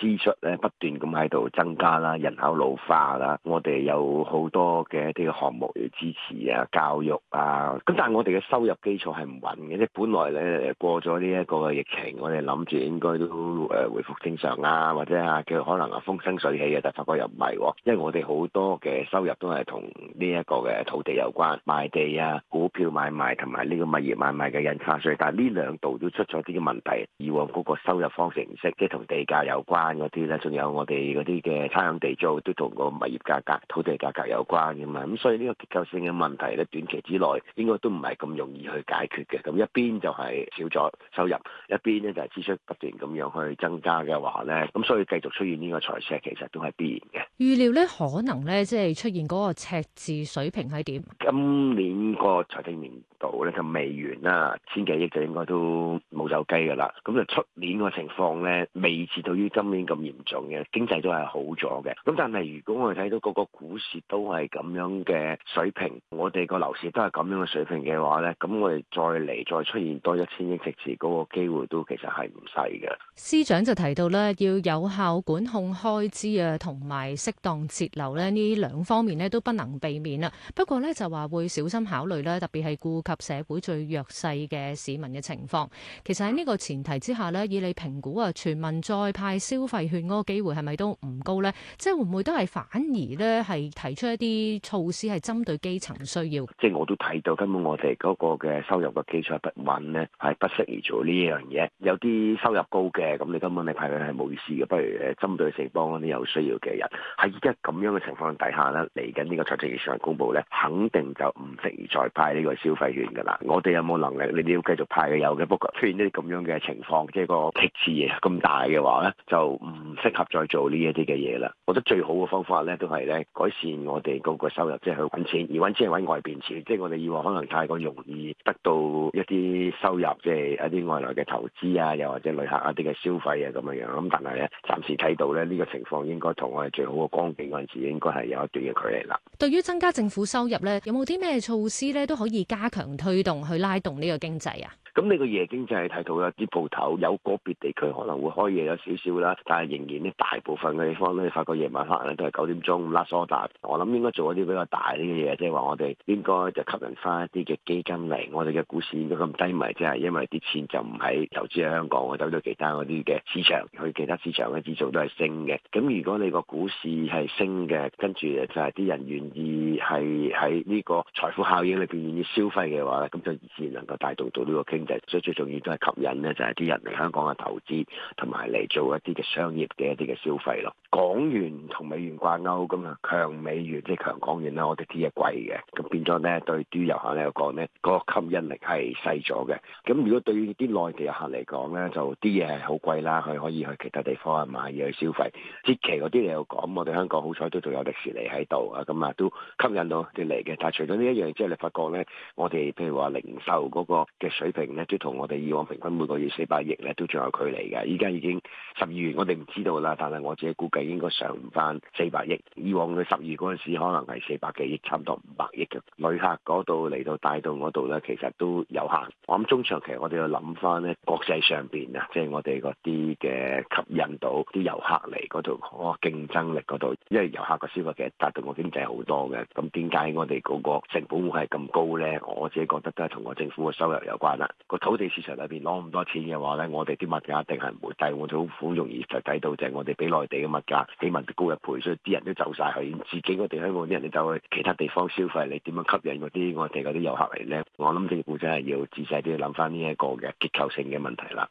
支出咧不斷咁喺度增加啦，人口老化啦，我哋有好多嘅一啲項目要支持啊、教育啊，咁但係我哋嘅收入基礎係唔穩嘅，即係本來咧過咗呢一個嘅疫情，我哋諗住應該都誒回復正常啊，或者啊叫可能啊風生水起啊，但係發覺又唔係，因為我哋好多嘅收入都係同呢一個嘅土地有關，賣地啊、股票買賣同埋呢個物業買賣嘅印花稅，但係呢兩度都出咗啲問題，以往嗰個收入方程式，唔係唔係，即係同地價有關。嗰啲咧，仲有我哋嗰啲嘅差餉地租，都同個物業價格、土地價格有關嘅嘛。咁所以呢個結構性嘅問題咧，短期之內應該都唔係咁容易去解決嘅。咁一邊就係少咗收入，一邊咧就係支出不斷咁樣去增加嘅話咧，咁所以繼續出現呢個財赤，其實都係必然嘅。預料咧，可能咧，即係出現嗰個赤字水平係點？今年個財政年度咧就未完啦，千幾億就應該都冇走雞㗎啦。咁就出年個情況咧，未至到於今年咁嚴重嘅經濟都係好咗嘅。咁但係如果我哋睇到嗰個股市都係咁樣嘅水平，我哋個樓市都係咁樣嘅水平嘅話咧，咁我哋再嚟再出現多一千億赤字嗰個機會都其實係唔細嘅。司長就提到咧，要有效管控開支啊，同埋，適當節流咧，呢兩方面咧都不能避免啊。不過呢，就話會小心考慮咧，特別係顧及社會最弱勢嘅市民嘅情況。其實喺呢個前提之下咧，以你評估啊，全民再派消費券嗰個機會係咪都唔高呢？即係會唔會都係反而呢，係提出一啲措施係針對基層需要？即係我都睇到根本我哋嗰個嘅收入嘅基礎不穩呢，係不適宜做呢樣嘢。有啲收入高嘅咁，你根本你派佢係冇意思嘅，不如誒針對四幫嗰啲有需要嘅人。喺依家咁樣嘅情況底下咧，嚟緊呢個財政預算公布咧，肯定就唔適宜再派呢個消費券㗎啦。我哋有冇能力？你你要繼續派嘅有嘅，不過出現呢啲咁樣嘅情況，即係個赤字嘢咁大嘅話咧，就唔適合再做呢一啲嘅嘢啦。我覺得最好嘅方法咧，都係咧改善我哋個個收入，即係去揾錢，而揾錢係揾外邊錢。即係我哋以往可能太過容易得到一啲收入，即係一啲外來嘅投資啊，又或者旅客一啲嘅消費啊咁樣樣。咁但係咧，暫時睇到咧，呢個情況應該同我哋最好光景嗰陣時應該係有一段嘅距離啦。對於增加政府收入咧，有冇啲咩措施咧都可以加強推動去拉動呢個經濟啊？咁呢個夜經濟係睇到有啲鋪頭有個別地區可能會開夜有少少啦，但係仍然呢大部分嘅地方咧，你發覺夜晚黑咧都係九點鐘 last order, 我諗應該做一啲比較大啲嘅嘢，即係話我哋應該就吸引翻一啲嘅基金嚟。我哋嘅股市應該咁低迷，即係因為啲錢就唔喺投資喺香港，去走咗其他嗰啲嘅市場，去其他市場嘅指數都係升嘅。咁如果你個股市而係升嘅，跟住就係啲人願意係喺呢個財富效應裏邊願意消費嘅話咧，咁就自然能夠帶動到呢個經濟。所以最重要都係吸引咧，就係啲人嚟香港嘅投資同埋嚟做一啲嘅商業嘅一啲嘅消費咯。港元同美元掛鈎咁嘛，強美元即係強港元啦，我哋啲嘢貴嘅，咁變咗咧對啲遊客嚟講咧，個吸引力係細咗嘅。咁如果對於啲內地遊客嚟講咧，就啲嘢係好貴啦，佢可以去其他地方啊買嘢去消費。即期嗰啲你又講。我哋香港好彩都仲有迪士尼喺度啊，咁啊都吸引到啲嚟嘅。但係除咗呢一樣之後，你發覺咧，我哋譬如話零售嗰個嘅水平咧，都同我哋以往平均每個月四百億咧，都仲有距離嘅。依家已經十二月，我哋唔知道啦，但係我自己估計應該上唔翻四百億。以往嘅十二嗰陣時，可能係四百幾億差唔多五百億嘅旅客嗰度嚟到帶動嗰度咧，其實都有限。我諗中長期我哋要諗翻咧，國際上邊啊，即係我哋嗰啲嘅吸引到啲遊客嚟嗰度嗰個競爭力。度，因為遊客嘅消費其實達到我經濟好多嘅，咁點解我哋嗰個成本會係咁高咧？我自己覺得都係同我政府嘅收入有關啦。個土地市場裏邊攞咁多錢嘅話咧，我哋啲物價一定係唔會低，我哋好容易就睇到就係我哋比內地嘅物價起碼高一倍，所以啲人都走晒去自己個地，香港啲人都走去其他地方消費，你點樣吸引嗰啲我哋嗰啲遊客嚟咧？我諗政府真係要仔細啲諗翻呢一個嘅結構性嘅問題啦。